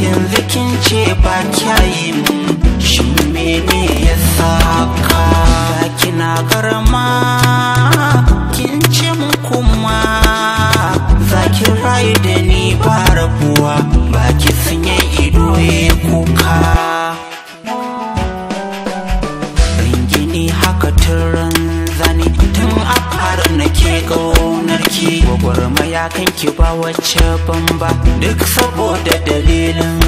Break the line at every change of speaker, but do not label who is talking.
yanzu kin ce ba kyayi shi mene ya saka kina karama kin ce mun kuma zaki rayu da ni ba rabuwa ba ki sunye ido ya kuka ringini haka turan gwagwarmaya ya ki ba wacce
bamba. ba duk saboda dalilin